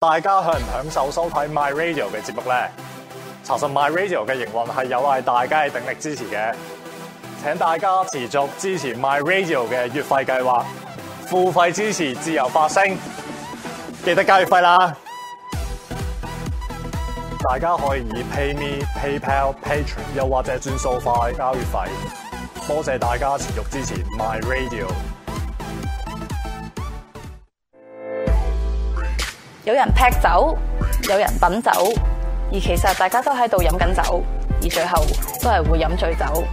大家享唔享受收睇 My Radio 嘅節目咧？查實 My Radio 嘅營運係有賴大家嘅鼎力支持嘅，請大家持續支持 My Radio 嘅月費計劃，付費支持自由發聲，記得交月費啦！大家可以以 PayMe、PayPal、Patreon，又或者轉數快交月費，多謝大家持續支持 My Radio。有人劈酒，有人品酒，而其實大家都喺度飲緊酒，而最後都係會飲醉酒。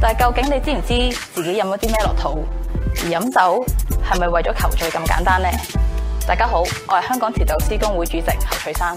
但究竟你知唔知自己飲咗啲咩落肚，而飲酒係咪為咗求醉咁簡單呢？大家好,我係香港調酒師工會主席侯翠珊。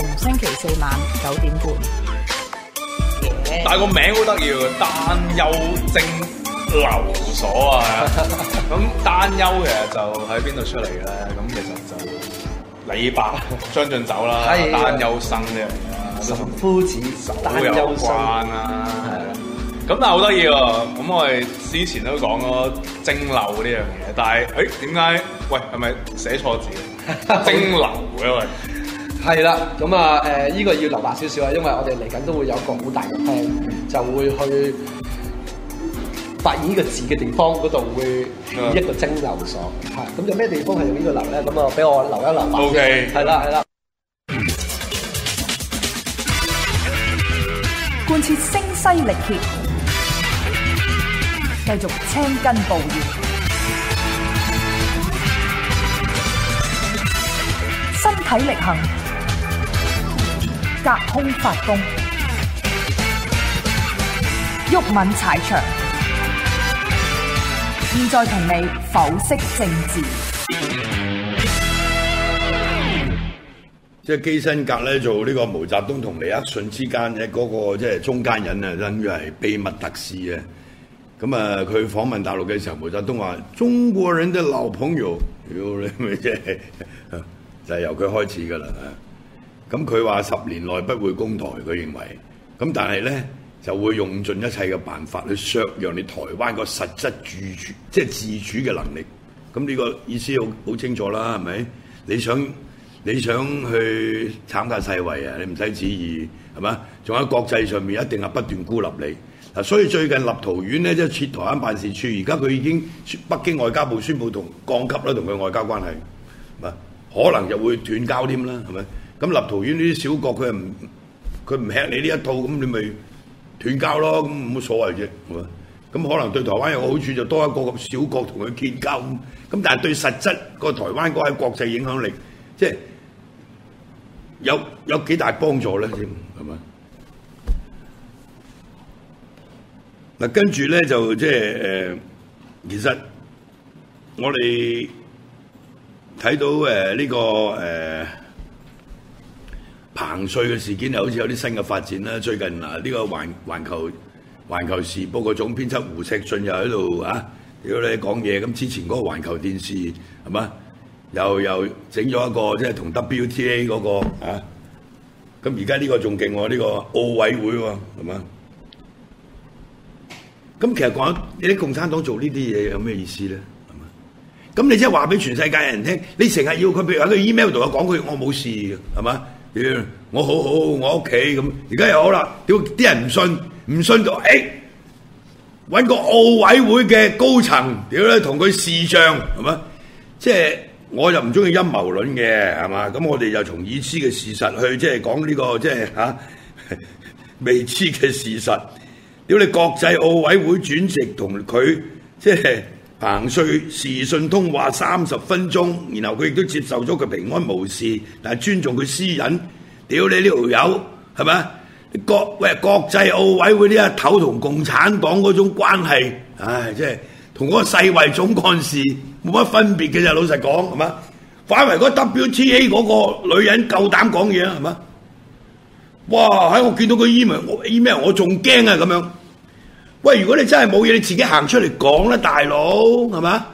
逢星期四晚九點半，yeah. 但係個名好得意啊！丹丘蒸餾所啊，咁丹丘嘅就喺邊度出嚟嘅咧？咁 其實就李白將進酒啦，丹 丘生呢樣嘢啦，岑夫子，丹 丘關啊，係啦。咁 但係好得意喎，咁我哋之前都講咗蒸餾呢樣嘢，但係誒點解？喂，係咪寫錯字？蒸 餾啊，喂！ 係啦，咁啊，誒，依個要留白少少啊，因為我哋嚟緊都會有一個好大嘅廳，就會去發現呢個字嘅地方嗰度會一個蒸餾所，係咁，有咩地方係用呢個留咧？咁啊，俾我留一留一。O K，係啦，係啦，貫徹聲嘶力竭，繼續青筋暴現，身體力行。隔空發功，毓民踩場，現在同你剖析政治。即係基辛格咧做呢個毛澤東同尼克遜之間嘅嗰個即係中間人啊，等於係秘密特使嘅。咁啊，佢訪問大陸嘅時候，毛澤東話：中國人的老朋友，屌你咪即係就係由佢開始噶啦。咁佢話十年內不會攻台，佢認為咁，但係呢就會用盡一切嘅辦法去削弱你台灣個實質自主、就是、自主，即係自主嘅能力。咁呢個意思好清楚啦，係咪？你想你想去參加世衛啊？你唔使旨意係咪？仲喺國際上面一定係不斷孤立你。嗱，所以最近立陶宛呢，即係設台灣辦事處，而家佢已經北京外交部宣布同降級啦，同佢外交關係，可能就會斷交添啦，係咪？咁立陶宛呢啲小國，佢唔佢唔吃你呢一套，咁你咪斷交咯，咁冇乜所謂啫，係嘛？咁可能對台灣有好處，就多一個咁小國同佢建交咁，咁但係對實質個台灣嗰個國際影響力，即係有有幾大幫助咧先係嘛？嗱，跟住咧就即係誒，其實我哋睇到誒呢個誒。彭帥嘅事件又好似有啲新嘅發展啦，最近啊，呢個環環球環球時報個總編輯胡錫進又喺度啊要你講嘢，咁之前嗰個環球電視係嘛，又又整咗一個即係同 WTA 嗰，那個啊，咁而家呢個仲勁喎，呢，這個奧委會喎係嘛？咁其實講你啲共產黨做呢啲嘢有咩意思咧？係嘛？咁你即係話俾全世界人聽，你成日要佢譬如喺個 email 度我講佢我冇事係嘛？我好好，我屋企咁，而家又好啦。屌啲人唔信，唔信就，誒，搵個奧委會嘅高層，屌咧同佢視像，係嘛？即係我又唔中意陰謀論嘅，係嘛？咁我哋就從已知嘅事實去，即係講呢個即係吓未知嘅事實。屌你國際奧委會主席同佢即係彭帥視訊通話三十分鐘，然後佢亦都接受咗佢平安無事，但係尊重佢私隱。屌你呢條友，係咪？國喂國際奧委會啲阿頭同共產黨嗰種關係，唉，即係同嗰個世衞總幹事冇乜分別嘅就老實講，係嘛？反為嗰 WTA 嗰個女人夠膽講嘢，係嘛？哇！喺我見到個 email，email 我仲 E-mail，驚啊咁樣。喂，如果你真係冇嘢，你自己行出嚟講啦，大佬，係嘛？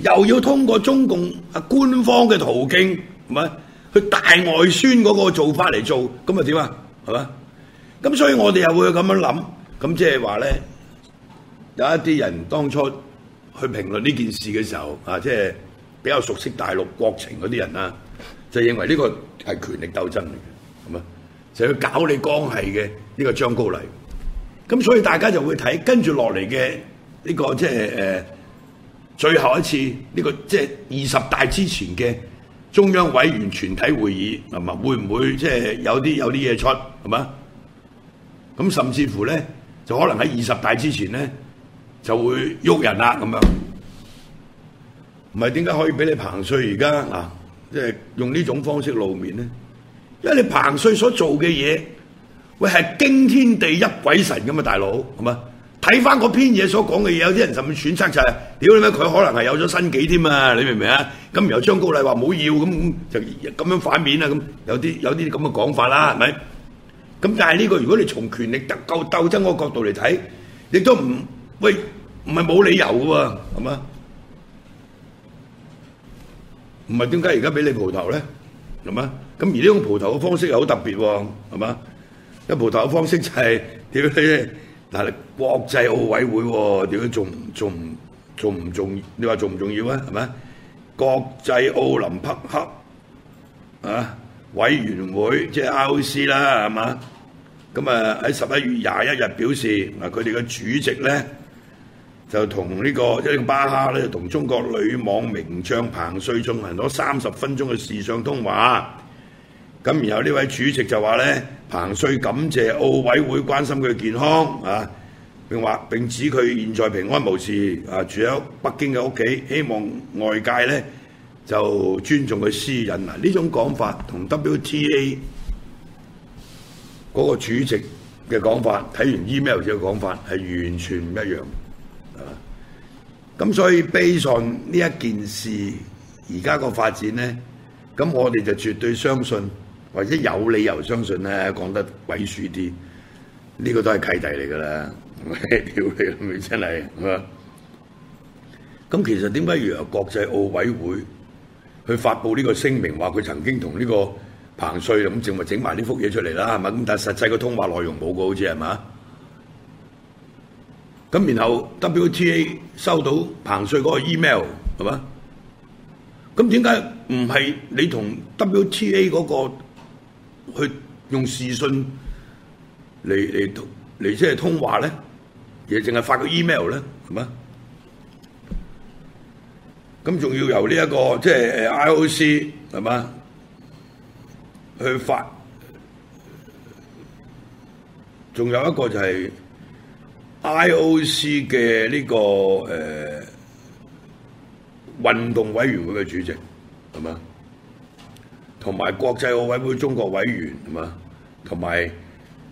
又要通過中共啊官方嘅途徑，係咪？去大外宣嗰個做法嚟做，咁啊點啊？係嘛？咁所以我哋又會咁樣諗，咁即係話咧，有一啲人當初去評論呢件事嘅時候，啊，即係比較熟悉大陸國情嗰啲人啦，就認為呢個係權力鬥爭嚟嘅，咁啊，就去搞你江系嘅呢個張高麗，咁所以大家就會睇跟住落嚟嘅呢個即係誒最後一次呢個即係二十大之前嘅。中央委員全體會議，係咪會唔會即係、就是、有啲有啲嘢出係咪？咁甚至乎咧，就可能喺二十大之前咧，就會喐人啦咁樣。唔係點解可以俾你彭帥而家嗱，即、啊、係、就是、用呢種方式露面咧？因為你彭帥所做嘅嘢，會係驚天地泣鬼神咁嘅大佬係咪？睇翻嗰篇嘢所講嘅嘢，有啲人甚至揣測就係，屌你咩，佢可能係有咗新幾添啊，你明唔明啊？咁然後張高麗話冇要咁咁，就咁樣反面啦咁，有啲有啲咁嘅講法啦，係咪？咁但係呢個如果你從權力鬥鬥爭個角度嚟睇，亦都唔喂唔係冇理由嘅喎，係嘛？唔係點解而家俾你蒲頭咧？係嘛？咁而呢種蒲頭嘅方式又好特別喎，係嘛？因為蒲頭嘅方式就係屌你。但係，國際奧委會喎，點解仲仲仲唔重要？你話仲唔重要啊？係咪？國際奧林匹克啊委員會，即係 IOC 啦，係嘛？咁啊喺十一月廿一日表示，嗱佢哋嘅主席咧就同呢個即係巴哈咧，同中國女網名將彭帥進行咗三十分鐘嘅視像通話。咁然後呢位主席就話咧。彭帥感謝奧委會關心佢嘅健康啊，並話並指佢現在平安無事啊，住喺北京嘅屋企，希望外界咧就尊重佢私隱。嗱、啊，呢種講法同 WTA 嗰個主席嘅講法，睇完 email 之後講法係完全唔一樣嘅，咁、啊、所以基於呢一件事而家個發展咧，咁我哋就絕對相信。或者有理由相信咧、啊，講得鬼書啲，呢、這個都係契弟嚟噶啦，屌你嚟？咁你真係，係嘛？咁其實點解由國際奧委會去發布呢個聲明，話佢曾經同呢個彭帥咁，正咪整埋呢幅嘢出嚟啦，係咪？咁但實際個通話內容冇個，好似係嘛？咁然後 WTA 收到彭帥嗰、那個 email 係嘛？咁點解唔係你同 WTA 嗰個？去用視訊嚟嚟通嚟即係通話咧，亦凈係發個 email 咧，係嘛？咁仲要由呢、這、一個即係、就是、IOC 係嘛？去發，仲有一個就係 IOC 嘅呢、這個誒、呃、運動委員會嘅主席係嘛？同埋國際奧委會中國委員係嘛，同埋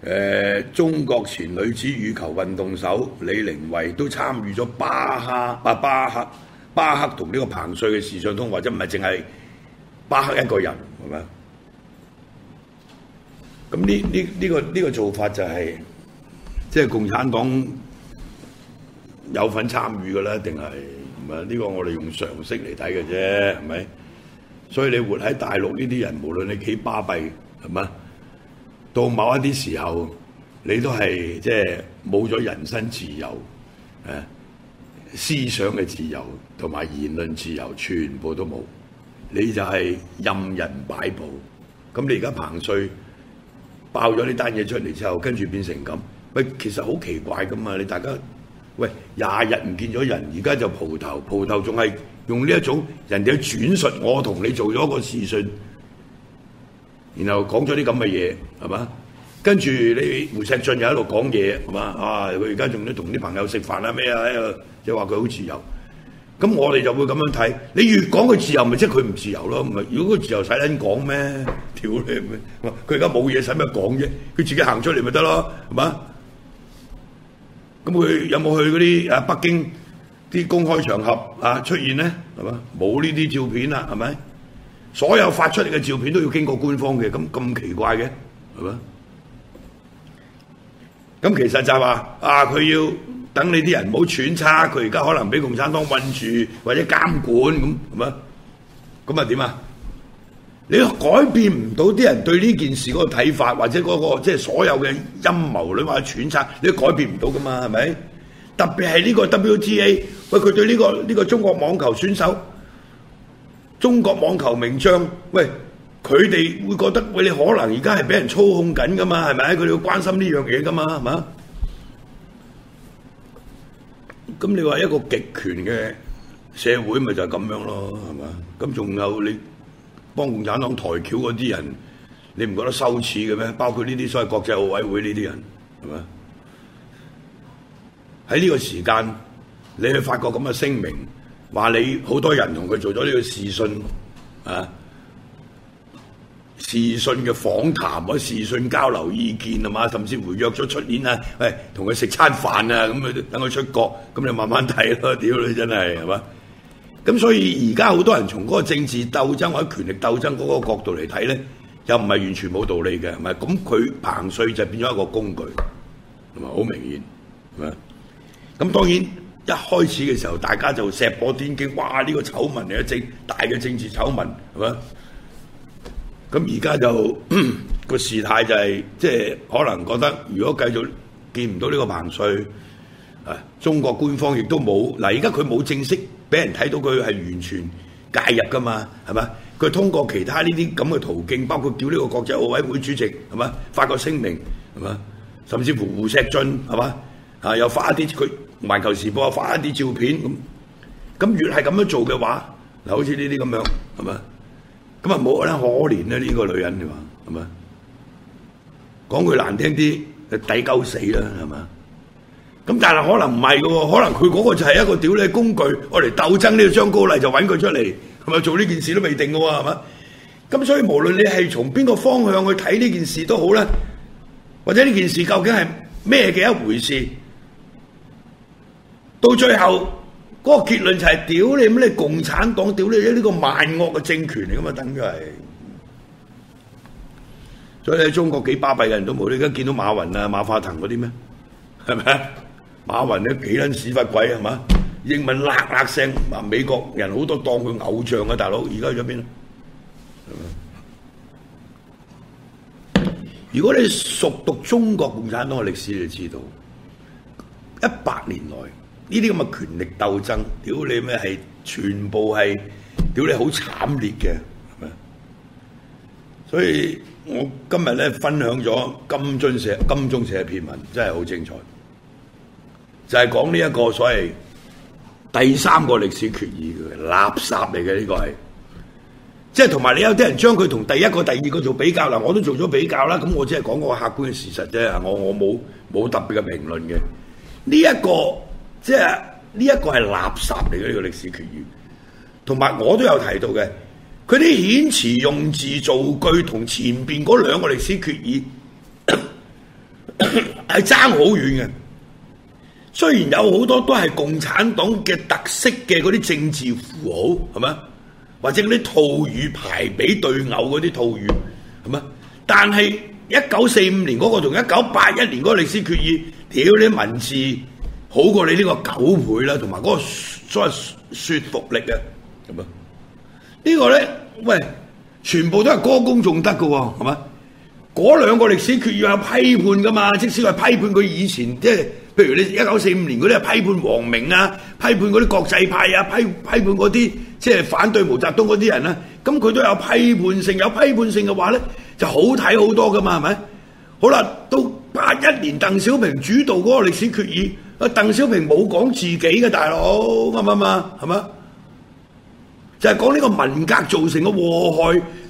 誒中國前女子羽球運動手李玲蔚都參與咗巴哈啊巴赫巴赫同呢個彭帥嘅視像通話，即唔係淨係巴赫一個人係咪？咁呢呢呢個呢、這個做法就係即係共產黨有份參與嘅啦，定係唔係呢個我哋用常識嚟睇嘅啫，係咪？所以你活喺大陸呢啲人，無論你幾巴閉，係嘛？到某一啲時候，你都係即係冇咗人身自由，誒、啊，思想嘅自由同埋言論自由全部都冇，你就係任人擺佈。咁你而家彭帥爆咗呢單嘢出嚟之後，跟住變成咁，喂，其實好奇怪噶嘛？你大家喂廿日唔見咗人，而家就蒲頭，蒲頭仲係。用呢一種人哋去轉述，我同你做咗一個視訊，然後講咗啲咁嘅嘢，係嘛？跟住你胡錫進又喺度講嘢，係嘛？啊，佢而家仲都同啲朋友食飯啊咩啊，啊？又話佢好自由，咁我哋就會咁樣睇。你越講佢自由，咪即係佢唔自由咯？唔係，如果佢自由什麼，使卵講咩？屌咩？佢而家冇嘢使咩講啫？佢自己行出嚟咪得咯？係嘛？咁佢有冇去嗰啲啊北京？啲公開場合啊出現呢，係嘛，冇呢啲照片啦，係咪？所有發出嚟嘅照片都要經過官方嘅，咁咁奇怪嘅，係嘛？咁其實就係話啊，佢要等你啲人唔好揣測，佢而家可能俾共產黨困住或者監管咁，係嘛？咁啊點啊？你改變唔到啲人對呢件事嗰個睇法，或者嗰、那個即係、就是、所有嘅陰謀論話揣測，你都改變唔到噶嘛，係咪？特別係呢個 WTA，喂佢對呢、呢個呢、呢個中國網球選手、中國網球名將，喂佢哋會覺得喂你可能而家係俾人操控緊噶嘛，係咪？佢哋要關心呢樣嘢噶嘛，係咪？咁你話一個極權嘅社會，咪就係咁樣咯，係嘛？咁仲有你幫共產黨抬轎嗰啲人，你唔覺得羞恥嘅咩？包括呢啲所謂國際奧委會呢啲人，係嘛？喺呢個時間，你去發個咁嘅聲明，話你好多人同佢做咗呢個視訊啊，視訊嘅訪談或者視訊交流意見啊嘛，甚至乎約咗出面啊，喂，同佢食餐飯啊，咁等佢出國，咁你慢慢睇咯，屌你真係係嘛？咁所以而家好多人從嗰個政治鬥爭或者權力鬥爭嗰個角度嚟睇咧，又唔係完全冇道理嘅，係咪？咁佢彭帥就變咗一個工具，同埋好明顯，係嘛？咁當然一開始嘅時候，大家就石破天驚，哇！呢、呢個醜聞嚟一整大嘅政治醜聞，係嘛？咁而家就、個事態就係即係可能覺得，如果繼續見唔到呢個彭帥，啊，中國官方亦都冇嗱，而家佢冇正式俾人睇到佢係完全介入㗎嘛，係嘛？佢通過其他呢啲咁嘅途徑，包括叫呢個國際奧委會主席係嘛，發個聲明係嘛，甚至乎胡錫進係嘛？啊！又發一啲佢《環球時報》發一啲照片咁，咁越係咁樣做嘅話，嗱好似呢啲咁樣係嘛？咁啊冇咧，可憐咧呢個女人你話係嘛？講句難聽啲，佢抵鳩死啦係嘛？咁但係可能唔係嘅喎，可能佢嗰個就係一個屌你工具，我嚟鬥爭呢個張高麗就揾佢出嚟係咪做呢件事都未定嘅喎係嘛？咁所以無論你係從邊個方向去睇呢件事都好啦，或者呢件事究竟係咩嘅一回事？到最後嗰、那個結論就係、是、屌你咩共產黨屌你，呢個萬惡嘅政權嚟噶嘛？等於係，所以你喺中國幾巴閉嘅人都冇，你而家見到馬雲啊、馬化騰嗰啲咩？係咪啊？馬雲咧幾捻屎忽鬼係嘛？英文辣辣聲，嗱美國人好多當佢偶像嘅、啊、大佬，而家去咗邊？如果你熟讀中國共產黨嘅歷史，你就知道一百年來。呢啲咁嘅權力鬥爭，屌你咩係全部係屌你好慘烈嘅，係咪？所以我今日咧分享咗金鐘社金鐘社嘅篇文，真係好精彩，就係講呢一個所謂第三個歷史決議垃圾嚟嘅呢個係，即係同埋你有啲人將佢同第一個、第二個做比較啦，我都做咗比較啦，咁我只係講個客觀嘅事實啫，我我冇冇特別嘅評論嘅呢一個。即係呢一個係垃圾嚟嘅呢個歷史決議，同埋我都有提到嘅，佢啲遣詞用字造句同前邊嗰兩個歷史決議係爭好遠嘅。雖然有好多都係共產黨嘅特色嘅嗰啲政治符號，係咪？或者嗰啲套語排比對偶嗰啲套語，係咪？但係一九四五年嗰個同一九八一年嗰個歷史決議，屌啲文字。好過你呢個九倍啦，同埋嗰個所謂說服力啊，咁啊？呢、這個咧，喂，全部都係歌功頌德嘅，係咪？嗰兩個歷史決議有批判噶嘛？即使係批判佢以前，即係譬如你一九四五年嗰啲，係批判王明啊，批判嗰啲國際派啊，批批判嗰啲即係反對毛澤東嗰啲人啊，咁佢都有批判性，有批判性嘅話咧，就好睇好多噶嘛，係咪？好啦，到八一。連鄧小平主導嗰個歷史決議，啊鄧小平冇講自己嘅大佬，啱唔啱啊？係嘛？就係講呢個文革造成嘅禍害，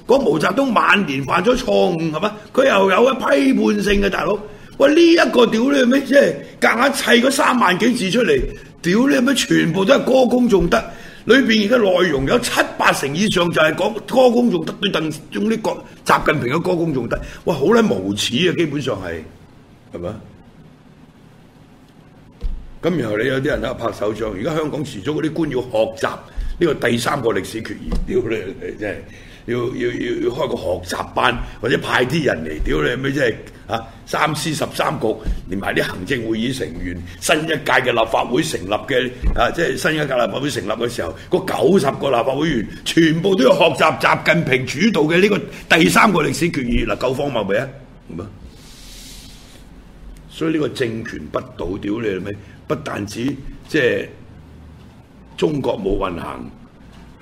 講毛澤東晚年犯咗錯誤，係嘛？佢又有批判性嘅大佬，喂呢一個屌你咩？即係夾硬砌嗰三萬幾字出嚟，屌你咩？全部都係歌功頌德，裏邊而家內容有七八成以上就係講歌功頌德對鄧，仲呢個習近平嘅歌功頌德，哇好撚無恥啊！基本上係、啊。係嘛？咁然後你有啲人喺度拍手掌。而家香港遲早嗰啲官要學習呢個第三個歷史決議。屌你！真係要要要要開個學習班，或者派啲人嚟。屌你！咪即係嚇三司十三局，連埋啲行政會議成員，新一屆嘅立法會成立嘅啊，即係新一屆立法會成立嘅時候，個九十個立法會員全部都要學習習近平主導嘅呢個第三個歷史決議。嗱，夠荒謬未啊？所以呢個政權不倒，屌你係咪？不但止即係中國冇運行，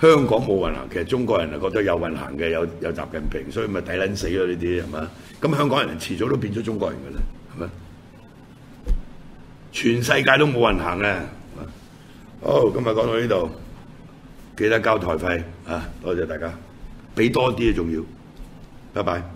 香港冇運行，其實中國人啊覺得有運行嘅，有有習近平，所以咪抵撚死咯呢啲係嘛？咁香港人遲早都變咗中國人㗎喇，係嘛？全世界都冇運行嘅。好，今日講到呢度，記得交台費啊！多謝大家，俾多啲啊仲要。拜拜。